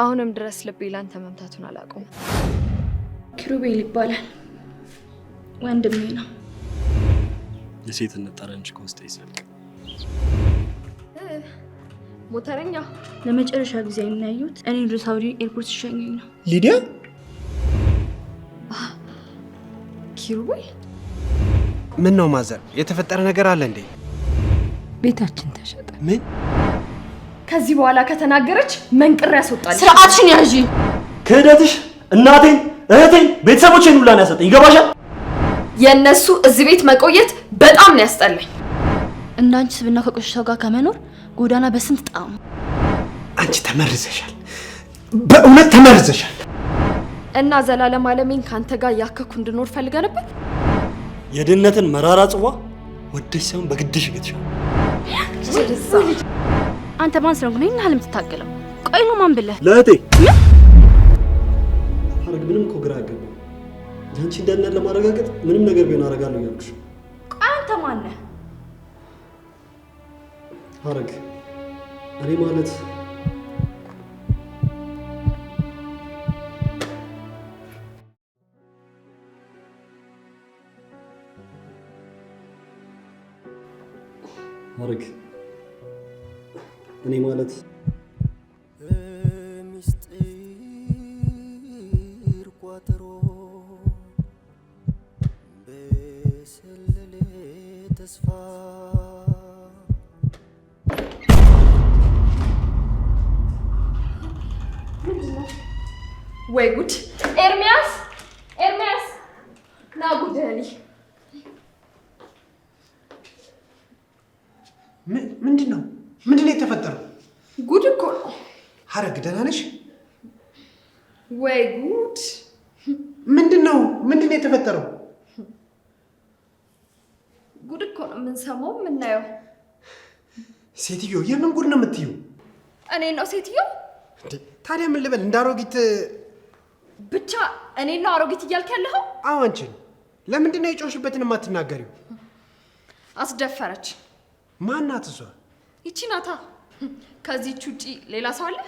አሁንም ድረስ ልቤ ላንተ መምታቱን አላቁም። ኪሩቤል ይባላል ወንድሜ ነው። የሴትነት ጠረንሽ ከውስጥ ይዘልቅ። ሞተረኛ ለመጨረሻ ጊዜ የሚያዩት እኔ ወደ ሳውዲ ኤርፖርት ሲሸኘኝ ነው። ሊዲያ ኪሩቤል፣ ምን ነው ማዘር፣ የተፈጠረ ነገር አለ እንዴ? ቤታችን ተሸጠ። ምን ከዚህ በኋላ ከተናገረች መንቅር ያስወጣል። ስርዓትሽን ያዢ። ክህደትሽ እናቴን፣ እህቴን፣ ቤተሰቦቼን ሁላ ያሰጠኝ። ይገባሻል? የእነሱ እዚህ ቤት መቆየት በጣም ነው ያስጠላኝ። እንዳንቺ ስብና ከቆሸ ጋር ከመኖር ጎዳና በስንት ጣዕሙ። አንቺ ተመርዘሻል፣ በእውነት ተመርዘሻል። እና ዘላለም አለሜን ከአንተ ጋር እያከኩ እንድኖር ፈልገ ነበር። የድህነትን መራራ ጽዋ ወደሽ ሳይሆን በግድሽ ቤትሽ አንተ ማን ስለሆንክ ነው ይህን የምትታገለው? ቆይ ነው ማን ብለህ ለእህቴ ሐረግ ምንም እኮ ግራ ያገባ አንቺ እንዳናል ለማረጋገጥ ምንም ነገር ቢሆን አደርጋለሁ እያልኩሽ። ቆይ አንተ ማን ነህ ሐረግ? እኔ ማለት ሐረግ እኔ ማለት በሚስጥር ቋጠሮ በሰለለ ተስፋ ወይ ጉድ ምንድን ነው ምንድን ነው የተፈጠረው? ጉድ እኮ ነው የምንሰማው የምናየው። ሴትዮ የምን ጉድ ነው የምትዩ? እኔ ነው ሴትዮ? ታዲያ ምን ልበል? እንደ አሮጊት ብቻ እኔ ነው አሮጊት እያልክ ያለኸው? አዎ አንቺን። ለምንድን ነው የጮሽበትን የማትናገሪው? አስደፈረች። ማናት እሷ? ይቺ ናታ። ከዚህች ውጪ ሌላ ሰው አለ?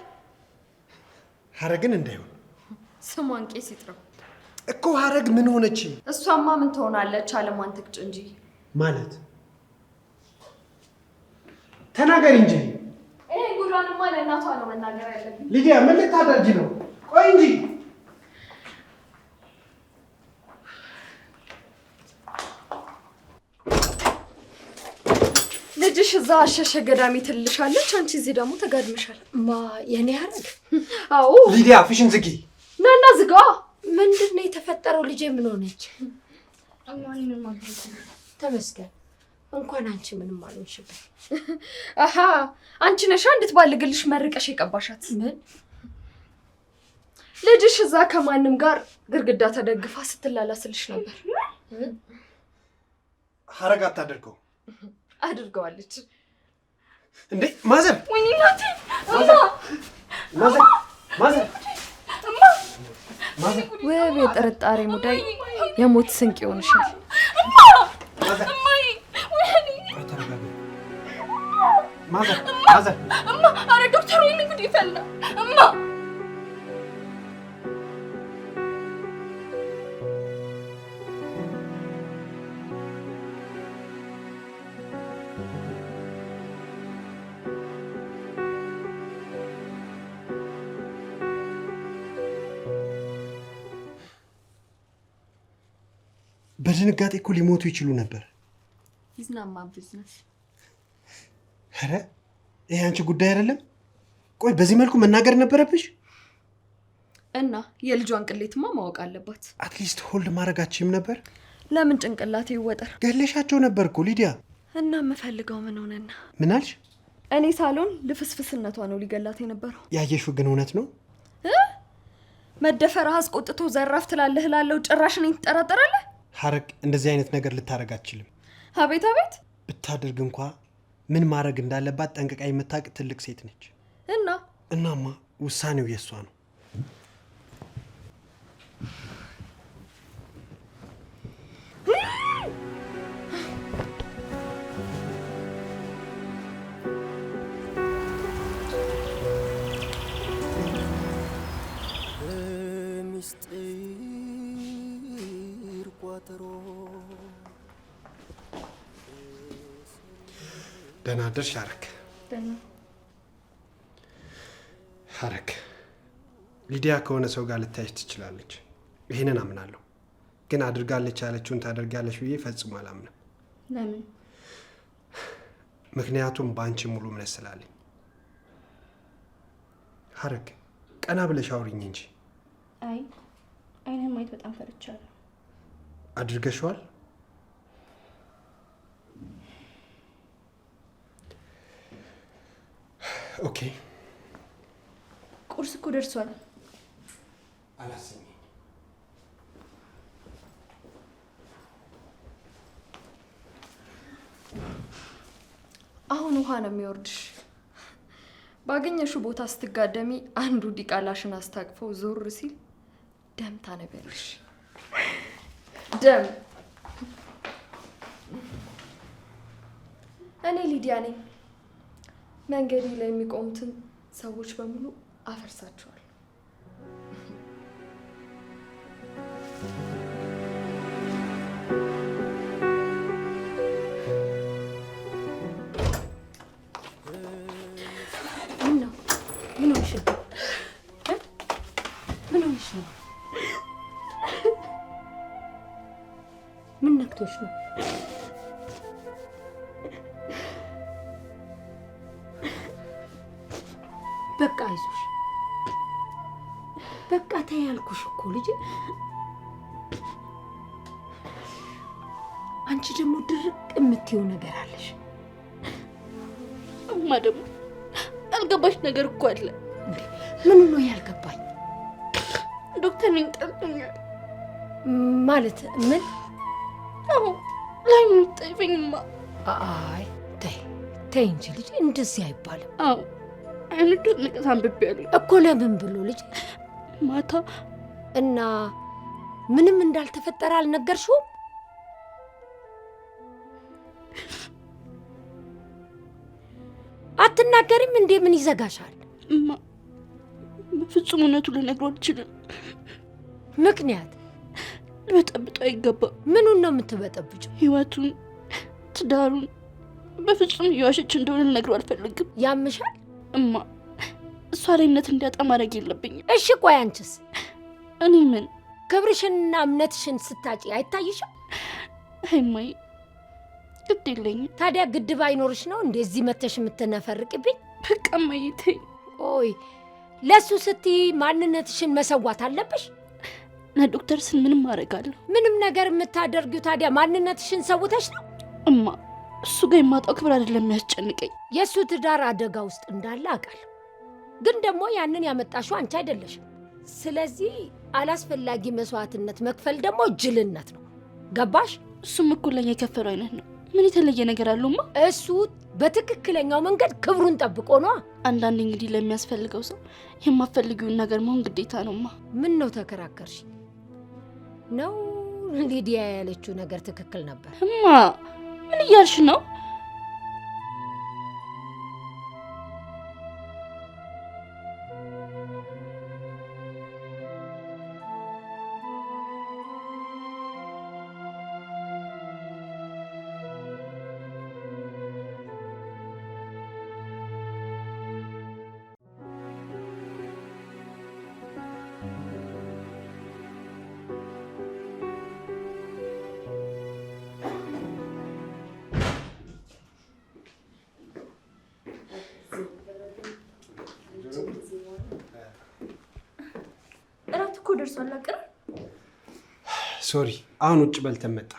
ኧረ ግን እንዳይሆን ስሟን ቄስ ይጥረው እኮ ሀረግ ምን ሆነች? እሷማ ምን ትሆናለች? አለሟን ትቅጭ እንጂ ማለት ተናገሪ እንጂ ይሄ ጉዳንማ ለእናቷ ነው መናገር ያለብኝ። ሊዲያ ምን ልታደርጊ ነው? ቆይ እንጂ ልጅሽ እዛ አሸሸ ገዳሚ ትልሻለች፣ አንቺ እዚህ ደግሞ ተጋድመሻል። ማ የኔ ሀረግ? አዎ ሊዲያ፣ አፍሽን ዝጊ። ናና ዝጋ ምንድን ነው የተፈጠረው? ልጄ ምን ሆነች? ተመስገን እንኳን አንቺ ምንም አልሆንሽብኝ። አሀ አንቺ ነሻ እንድትባልግልሽ መርቀሽ የቀባሻት። ምን ልጅሽ እዛ ከማንም ጋር ግርግዳ ተደግፋ ስትላላስልሽ ነበር። ሀረግ አታደርገው አድርገዋለች እንዴ ማዘር ወይኔ የጥርጣሬ ሙዳይ የሞት ስንቅ ይሆንሻል። ማዘር ማዘር፣ እማ! ኧረ ዶክተር ይፈላ እማ በድንጋጤ እኮ ሊሞቱ ይችሉ ነበር። ይዝናማ ቢዝነስ። ኧረ ይሄ አንቺ ጉዳይ አይደለም። ቆይ በዚህ መልኩ መናገር ነበረብሽ። እና የልጇን ቅሌትማ ማወቅ አለባት። አትሊስት ሆልድ ማድረጋችም ነበር። ለምን ጭንቅላቴ ይወጠር? ገለሻቸው ነበር እኮ ሊዲያ። እና የምፈልገው ምን ሆነና? ምን አልሽ? እኔ ሳሎን ልፍስፍስነቷ ነው ሊገላት የነበረው። ያየሽው ግን እውነት ነው። መደፈር አስቆጥቶ ዘራፍ ትላለህ ላለው ጭራሽ እኔን ትጠራጠራለህ? ሀረግ እንደዚህ አይነት ነገር ልታደረግ አትችልም። አቤት አቤት! ብታደርግ እንኳ ምን ማድረግ እንዳለባት ጠንቅቃ የምታውቅ ትልቅ ሴት ነች። እና እናማ ውሳኔው የእሷ ነው። ደህና አደርሽ ሐረግ። ሐረግ ሊዲያ ከሆነ ሰው ጋር ልታይሽ ትችላለች፣ ይህንን አምናለሁ። ግን አድርጋለች ያለችውን ታደርጋለች ብዬ ፈጽሞ አላምንም። ለምን? ምክንያቱም በአንቺ ሙሉ እምነት ስላለኝ። ሀረክ ቀና ብለሽ አውሪኝ እንጂ። አይ አይንህን ማየት በጣም ፈርቻለሁ። አድርገሽዋል? ኦኬ። ቁርስ እኮ ደርሷል። አላሰኘኝ። አሁን ውሃ ነው የሚወርድሽ። ባገኘሽው ቦታ ስትጋደሚ አንዱ ዲቃላሽን አስታቅፈው ዞር ሲል ደም ታነበልሽ። ደም። እኔ ሊዲያ ነኝ። መንገዴ ላይ የሚቆሙትን ሰዎች በሙሉ አፈርሳቸዋል። የምትይው ነገር አለሽ። እማ ደግሞ ያልገባሽ ነገር እኮ አለ። ምን ነው ያልገባኝ? ዶክተር ነኝ ጠልቶኛል ማለት ምን? አዎ ላይ ምጠይፈኝማ። አይ ተይ ተይ እንጂ ልጅ እንደዚህ አይባልም። አዎ አይንዶ ንቅት አንብቤ እኮ ለምን ብሎ ልጅ ማታ እና ምንም እንዳልተፈጠረ አልነገርሽውም? አትናገሪም እንዴ? ምን ይዘጋሻል? እማ በፍጹም እውነቱ አልችልም። ምክንያት ልበጠብጦ አይገባም። ምኑን ነው የምትበጠብጭው? ህይወቱን፣ ትዳሩን። በፍጹም እየዋሸች እንደሆነ ልነግሮ አልፈልግም። ያምሻል እማ፣ እሷ ላይነት እንዲያጣ ማድረግ የለብኝም። እሺ ቆይ አንቺስ? እኔ ምን ክብርሽንና እምነትሽን ስታጪ አይታይሽም? አይማዬ ግድ የለኝም። ታዲያ ግድ ባይኖርሽ ነው እንደዚህ መተሽ የምትነፈርቅብኝ? በቃ ኦይ ለሱ ስትይ ማንነትሽን መሰዋት አለብሽ። ለዶክተር ስል ምንም አደርጋለሁ። ምንም ነገር የምታደርጊው ታዲያ ማንነትሽን ሰውተሽ ነው እማ። እሱ ጋር የማጣው ክብር አይደለም የሚያስጨንቀኝ። የእሱ ትዳር አደጋ ውስጥ እንዳለ አውቃለሁ፣ ግን ደግሞ ያንን ያመጣሽው አንቺ አይደለሽም። ስለዚህ አላስፈላጊ መስዋዕትነት መክፈል ደግሞ ጅልነት ነው። ገባሽ? እሱም እኩል ለኛ የከፈለው አይነት ነው። ምን የተለየ ነገር አለውማ? እሱ በትክክለኛው መንገድ ክብሩን ጠብቆ ነዋ። አንዳንድ እንግዲህ ለሚያስፈልገው ሰው የማፈልጊውን ነገር መሆን ግዴታ ነውማ። ምን ነው ተከራከርሽ ነው? ሊዲያ ያለችው ነገር ትክክል ነበር እማ። ምን እያልሽ ነው? አላቅም። ሶሪ፣ አሁን ውጭ በልተን መጣ።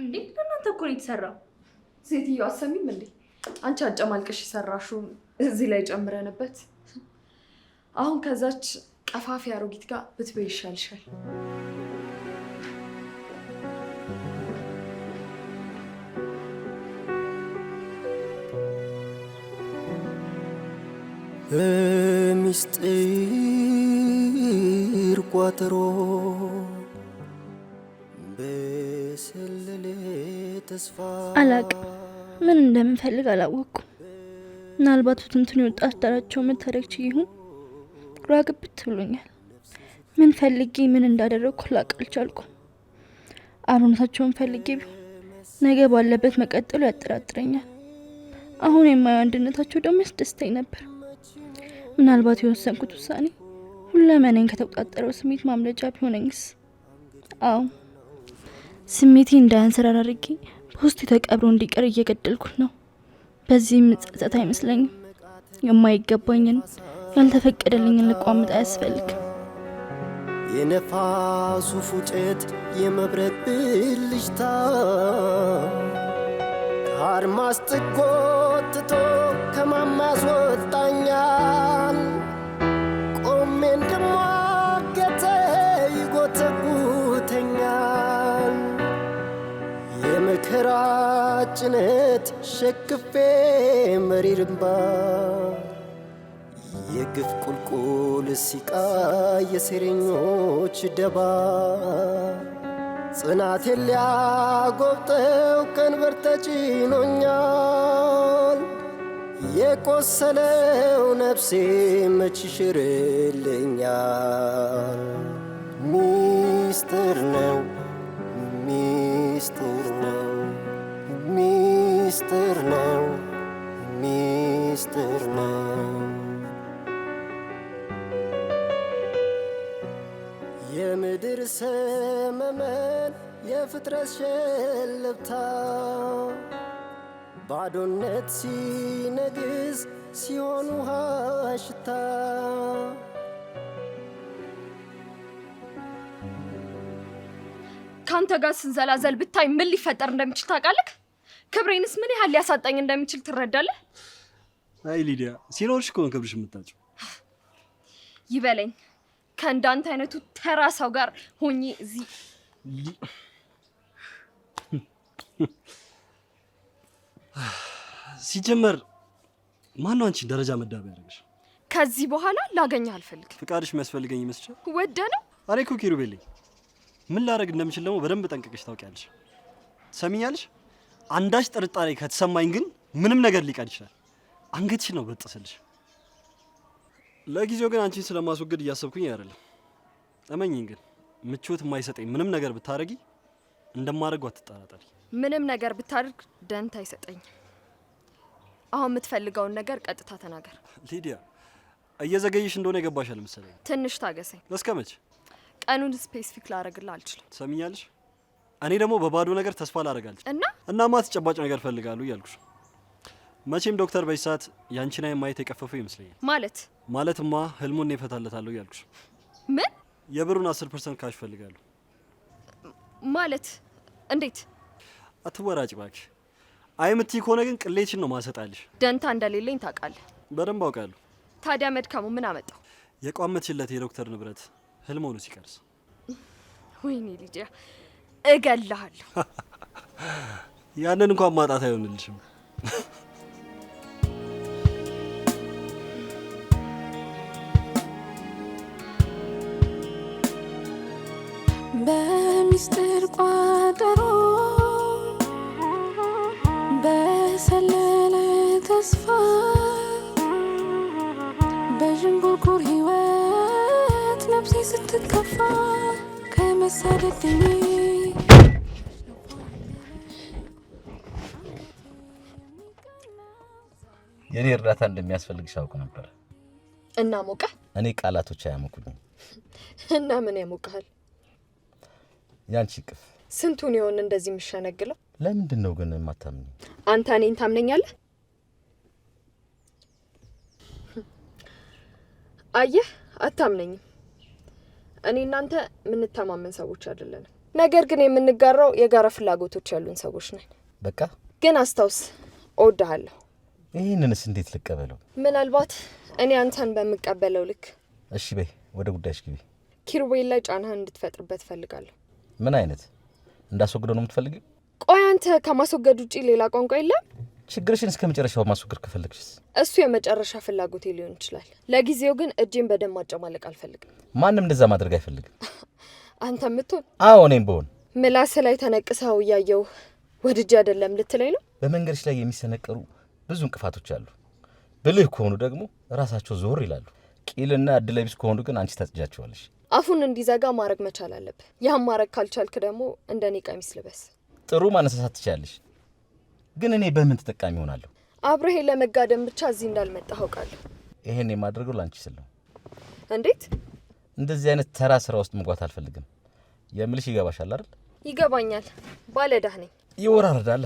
እንዴ ለእናንተ እኮ ነው የተሰራው። ሴትዮ አሰሚም እንዴ አንቺ አጨማልቅሽ የሰራሽውን እዚህ ላይ ጨምረንበት። አሁን ከዛች ቀፋፊ አሮጊት ጋር ብትበይ ይሻልሻል። ሚስጢር ቋጥሮ አላቅ ምን እንደምንፈልግ አላወቅኩም። ምናልባት ትንትን የወጣት ዳራቸው መታደግ ይሁን ግራ ግብት ብሎኛል። ምን ፈልጌ ምን እንዳደረግኩ ላቅ አልቻልኩም። አሮነታቸውን ፈልጌ ቢሆን ነገ ባለበት መቀጠሉ ያጠራጥረኛል። አሁን የማየው አንድነታቸው ደግሞ ያስደስተኝ ነበር። ምናልባት የወሰንኩት ውሳኔ ሁለመናን ከተቆጣጠረው ስሜት ማምለጫ ቢሆነኝስ? አዎ ስሜቴ እንዳያንሰራራ አድርጌ በውስጥ የተቀብሮ እንዲቀር እየገደልኩት ነው። በዚህ ምጸጸት አይመስለኝም። የማይገባኝን ያልተፈቀደልኝን ልቋምጥ አያስፈልግም። የነፋሱ ፉጨት የመብረቅ ብልጭታ አድማስ ጥጎትቶ ከማማስ ወጣ ጭነት ሸክፌ መሪር የግፍ ቁልቁል ሲቃ የሴረኞች ደባ ጽናቴን ሊያጎብጠው ቀንበር ተጭኖኛል። የቆሰለው ነፍሴ መች ይሽርልኛል? ሚስጥር ነው ሚስጥር ነው ሚስጥር ነው የምድር ሰመመን የፍጥረት ሸለብታ ባዶነት ሲነግስ ሲሆን ውሃ ሽታ ከአንተ ጋር ስንዘላዘል ብታይ ምን ሊፈጠር እንደሚችል ታውቃለህ? ክብሬንስ ምን ያህል ሊያሳጣኝ እንደሚችል ትረዳለህ? አይ ሊዲያ፣ ሲኖርሽ እኮ ነው ክብርሽ የምታጭው። ይበለኝ ከእንዳንተ አይነቱ ተራ ሰው ጋር ሆኜ እዚህ ሲጀመር ማነው አንቺ ደረጃ መዳብ ያደረግሽ? ከዚህ በኋላ ላገኘህ አልፈልግም። ፍቃድሽ የሚያስፈልገኝ ይመስልሻል? ወደ ነው አሬኩ እኮ ምን ላደርግ እንደምችል ደግሞ በደንብ ጠንቅቀሽ ታውቂያለሽ። ሰሚኛለሽ? አንዳች ጥርጣሬ ከተሰማኝ ግን ምንም ነገር ሊቀር ይችላል። አንገትሽ ነው በጥስልሽ። ለጊዜው ግን አንቺን ስለማስወገድ እያሰብኩኝ አይደለም። እመኝኝ ግን ምቾት የማይሰጠኝ ምንም ነገር ብታረጊ እንደማደርገው አትጠራጠሪ። ምንም ነገር ብታደርግ ደንት አይሰጠኝ። አሁን የምትፈልገውን ነገር ቀጥታ ተናገር። ሊዲያ እየዘገየሽ እንደሆነ ይገባሻል መሰለኝ። ትንሽ ታገሰኝ። እስከ መቼ? ቀኑን ስፔሲፊክ ላረግልህ አልችልም። ትሰሚኛለሽ? እኔ ደግሞ በባዶ ነገር ተስፋ ላደርጋለች እና እናማ ተጨባጭ ነገር ፈልጋሉ እያልኩሽ። መቼም ዶክተር በዚህ ሰዓት ያንቺን አይን ማየት የቀፈፈው ይመስለኛል። ማለት ማለትማ ህልሙን እፈታለታለሁ እያልኩሽ። ምን የብሩን 10 ፐርሰንት ካሽ ፈልጋለሁ ማለት እንዴት? አትወራጭ እባክሽ። አይ የምትይ ከሆነ ግን ቅሌትሽን ነው ማሰጣልሽ። ደንታ እንደሌለኝ ታውቃለህ። በደንብ አውቃለሁ። ታዲያ መድካሙ ምን አመጣው? የቋመችለት የዶክተር ንብረት ህልም ሲቀርስ ወይኔ ልጅ እገልሃለሁ። ያንን እንኳን ማጣት አይሆንልሽም። በሚስጥር ቋጠሮ በሰለለ ተስፋ በዥንጉርጉር ሕይወት ነፍሴ ስትከፋ ከመሳደድኝ የኔ እርዳታ እንደሚያስፈልግ አውቅ ነበር። እና ሞቀ እኔ ቃላቶች አያሞቁኝም። እና ምን ያሞቀሃል? ያንቺ ቅፍ ስንቱን የሆን እንደዚህ የምሸነግለው። ለምንድን ነው ግን የማታምኝ? አንተ እኔን ታምነኛለህ? አየህ፣ አታምነኝም። እኔ እናንተ የምንተማመን ሰዎች አይደለንም፣ ነገር ግን የምንጋራው የጋራ ፍላጎቶች ያሉን ሰዎች ነን። በቃ ግን አስታውስ፣ እወድሃለሁ ይህንንስ እንዴት ልቀበለው? ምናልባት እኔ አንተን በምቀበለው ልክ። እሺ በይ ወደ ጉዳይሽ ግቢ። ኪሩቤል ላይ ጫናህን እንድትፈጥርበት እፈልጋለሁ። ምን አይነት እንዳስወግደው ነው የምትፈልጊው? ቆይ አንተ ከማስወገድ ውጪ ሌላ ቋንቋ የለም? ችግርሽን እስከ መጨረሻው ማስወገድ ከፈለግሽስ? እሱ የመጨረሻ ፍላጎቴ ሊሆን ይችላል። ለጊዜው ግን እጄን በደም ማጨማለቅ አልፈልግም። ማንም እንደዛ ማድረግ አይፈልግም። አንተ ምትሆን? አዎ እኔም ብሆን ምላስ ላይ ተነቅሰው እያየው ወድጄ አይደለም ልትለኝ ነው? በመንገድሽ ላይ የሚሰነቀሩ ብዙ እንቅፋቶች አሉ። ብልህ ከሆኑ ደግሞ ራሳቸው ዞር ይላሉ። ቂልና እድለቢስ ከሆኑ ግን አንቺ ታጽጃቸዋለሽ። አፉን እንዲዘጋ ማድረግ መቻል አለብህ። ያህም ማድረግ ካልቻልክ ደግሞ እንደ እኔ ቀሚስ ልበስ። ጥሩ ማነሳሳት ትችላለሽ፣ ግን እኔ በምን ተጠቃሚ ሆናለሁ? አብረሄ ለመጋደም ብቻ እዚህ እንዳልመጣ አውቃለሁ። ይሄን የማድረገው ለአንቺ ስል ነው። እንዴት? እንደዚህ አይነት ተራ ስራ ውስጥ መግባት አልፈልግም። የምልሽ ይገባሻል አይደል? ይገባኛል። ባለዕዳ ነኝ። ይወራረዳል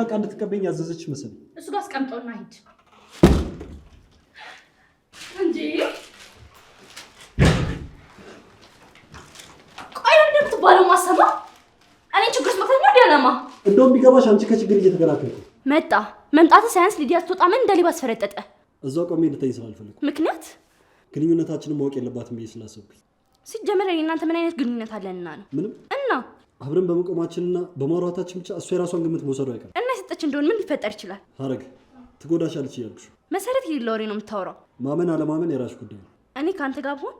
ሌላ ዕቃ እንድትቀበኝ ያዘዘች መሰለኝ። እሱ ጋር አስቀምጠውና ሂድ እንጂ ቆይ፣ እንደምትባለው ማሰማ እኔ ችግር ውስጥ መክተት ነው ዲያለማ። እንደውም ቢገባሽ አንቺ ከችግር እየተከላከልኩ መጣ መምጣት ሳያንስ ሊዲያ ስትወጣ ምን እንደሌባ አስፈረጠጠ። እዛው ቆሜ ልተኝ ስላልፈለኩ ምክንያት ግንኙነታችንን ማወቅ የለባትም ብዬ ስላሰብኩኝ። ሲጀመር እኔ እናንተ ምን አይነት ግንኙነት አለንና ነው? ምንም እና አብረን በመቆማችንና በማውራታችን ብቻ እሷ የራሷን ግምት መውሰዱ አይቀርም። ሁለታችን እንደሆን ምን ሊፈጠር ይችላል? ሀረግ ትጎዳሻለች እያልኩሽ መሰረት የሌለው ወሬ ነው የምታወራው። ማመን አለማመን የራሽ ጉዳይ ነው። እኔ ከአንተ ጋር ብሆን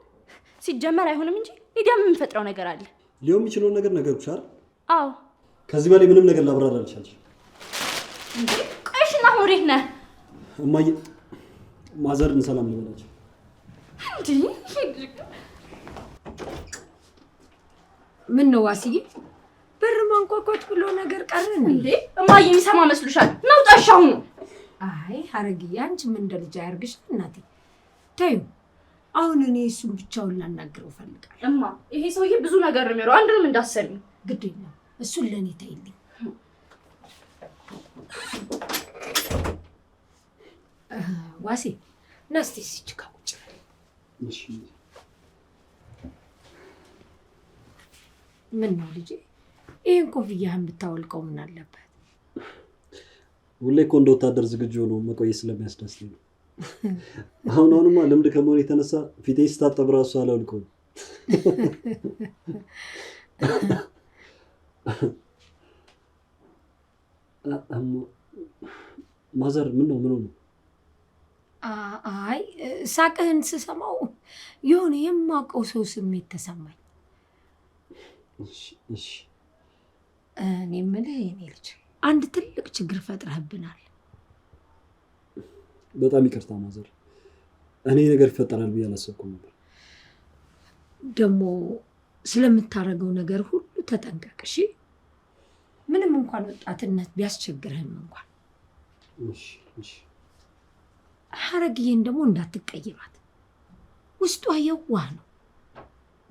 ሲጀመር አይሆንም እንጂ ሊዲያ የምንፈጥረው ነገር አለ። ሊሆን የሚችለውን ነገር ነገርኩሽ አይደል? አዎ። ከዚህ በላይ ምንም ነገር ላብራራ አልቻልሽ። ቆይሽና ሆሬት ነህ እማዬ ማዘርን ሰላም ልበላቸው። ምን ነው ዋስዬ በር ማንኳኳት ብሎ ነገር ቀረ እንዴ? እማዬ የሚሰማ መስሎሻል? መውጣሽ አሁን አይ ሐረግዬ አንቺ ምን እንደ ልጅ አያርግሽ እናቴ። ተይው አሁን እኔ እሱን ብቻውን ላናግረው እፈልጋለሁ። እማ ይሄ ሰውዬ ብዙ ነገር ነው የሚለው፣ አንድንም እንዳሰሚ ግድ እሱን ለእኔ ተይልኝ። ዋሴ ናስቴ ሲችካ ውጭ ምን ነው ልጄ ይህን ኮፍያህን ብታወልቀው ምን አለበት? ሁሌ እኮ እንደ ወታደር ዝግጁ ሆኖ መቆየት ስለሚያስደስት ነው። አሁን አሁንማ ልምድ ከመሆን የተነሳ ፊቴ ስታጠብ ራሱ አላወልቀውም። ማዘር ምን ነው ምን ነው? አይ ሳቅህን ስሰማው የሆነ የማውቀው ሰው ስሜት ተሰማኝ። እሺ እሺ እኔ የምልህ የኔ ልጅ አንድ ትልቅ ችግር ፈጥረህብናል። በጣም ይቅርታ ማዘር፣ እኔ ነገር ይፈጠራል ብዬ አላሰብኩም ነበር። ደግሞ ስለምታደርገው ነገር ሁሉ ተጠንቀቅ እሺ። ምንም እንኳን ወጣትነት ቢያስቸግርህም እንኳን ሀረግዬን ደግሞ እንዳትቀይማት። ውስጧ የዋህ ነው።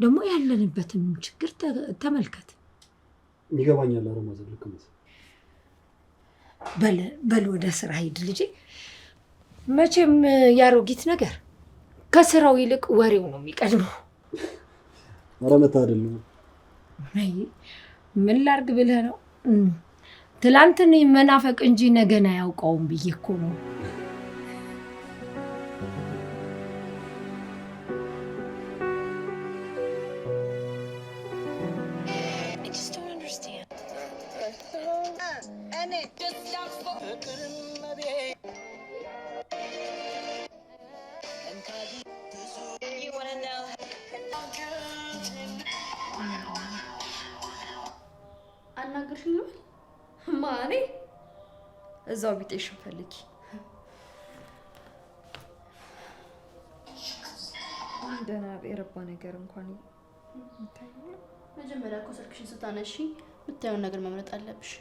ደግሞ ያለንበትም ችግር ተመልከት። ይገባኛል። አረ ልክ በል በል ወደ ስራ ሂድ ልጄ። መቼም ያሮጊት ነገር ከስራው ይልቅ ወሬው ነው የሚቀድመው። አረ መታደል ነው። ምን ላርግ ብለህ ነው? ትላንትን መናፈቅ እንጂ ነገን አያውቀውም ብዬ እኮ ነው። አናገርሽኝ ነው ማኔ እዛው ቢጤሽን ፈልጊ። ደህና የረባ ነገር እንኳን መጀመሪያ እኮ ስልክሽን ስታነሺ የምታየውን ነገር መምረጥ አለብሽ።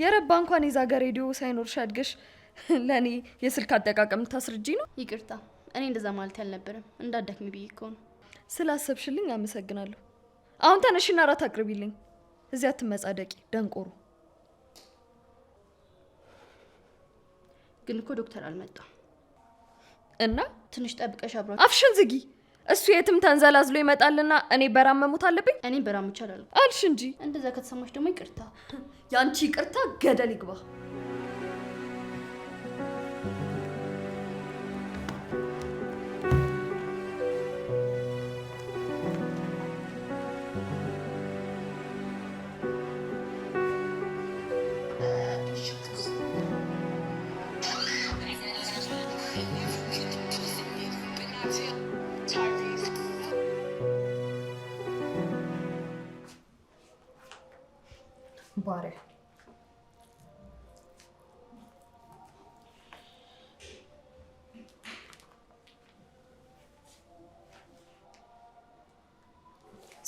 የረባ እንኳን የዛ ጋር ሬዲዮ ሳይኖርሽ አድገሽ ለእኔ የስልክ አጠቃቀም ታስርጂ ነው። ይቅርታ፣ እኔ እንደዛ ማለት ያልነበረም እንዳደክም ብዬ እኮ ነው። ስላሰብሽልኝ አመሰግናለሁ። አሁን ተነሽና እራት አቅርቢልኝ። እዚያ አትመጻደቂ ደንቆሩ። ግን እኮ ዶክተር አልመጣም እና ትንሽ ጠብቀሽ አብሯ። አፍሽን ዝጊ። እሱ የትም ተንዘላዝሎ ይመጣልና እኔ በራመሙት አለብኝ። እኔ በራምቻ አልሽ እንጂ። እንደዛ ከተሰማሽ ደግሞ ይቅርታ። ያንቺ ይቅርታ ገደል ይግባ። butter.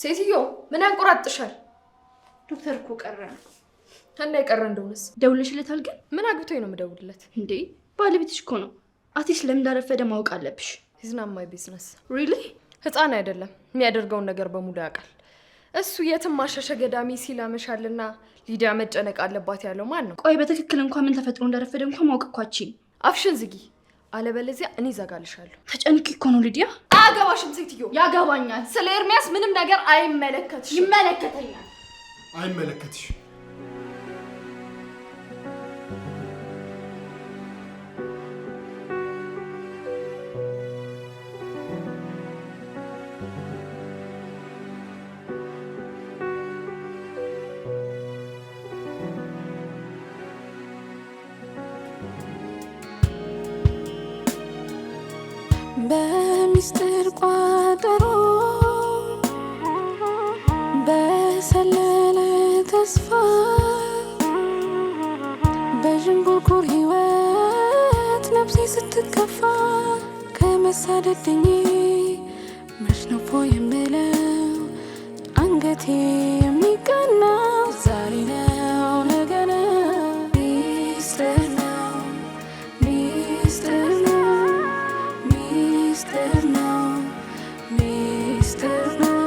ሴትዮ ምን ያንቆራጥሻል? ዶክተር እኮ ቀረ ነው እና የቀረ እንደሆነስ ደውልሽለታል? ግን ምን አግብቶኝ ነው የምደውልለት እንዴ? ባለቤትሽ እኮ ነው። አትሊስት ለምን እንዳረፈደ ማወቅ አለብሽ። ሂዝ ቢዝነስ ሪሊ። ህፃን አይደለም የሚያደርገውን ነገር በሙሉ ያውቃል። እሱ የትም ማሻሸ ገዳሚ ሲል አመሻልና ሊዲያ መጨነቅ አለባት ያለው ማን ነው? ቆይ በትክክል እንኳ ምን ተፈጥሮ እንደረፈደ እንኳ ማወቅ እኮ አፍሽን ዝጊ፣ አለበለዚያ እኔ እዘጋልሻለሁ። ተጨንቂ እኮ ነው ሊዲያ። አያገባሽም ሴትዮ። ያገባኛል። ስለ ኤርሚያስ ምንም ነገር አይመለከትሽ። ይመለከተኛል። አይመለከትሽ ውሰድልኝ መች ነው ፎ የምለው አንገቴ የሚቀናው ዛሬ ነው ነገ ነው ሚስጥር ነው ሚስጥር ነው ሚስጥር ነው ሚስጥር ነው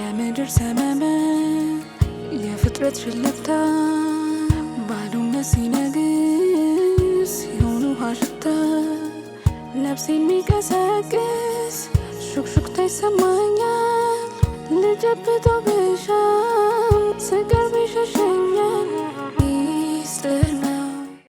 የምድር ሰመመን የፍጥረት ሽለታ ባዶነት ሲነ ነፍሴ የሚቀሰቅስ ሹክሹክታ ይሰማኛል ልጨብጠው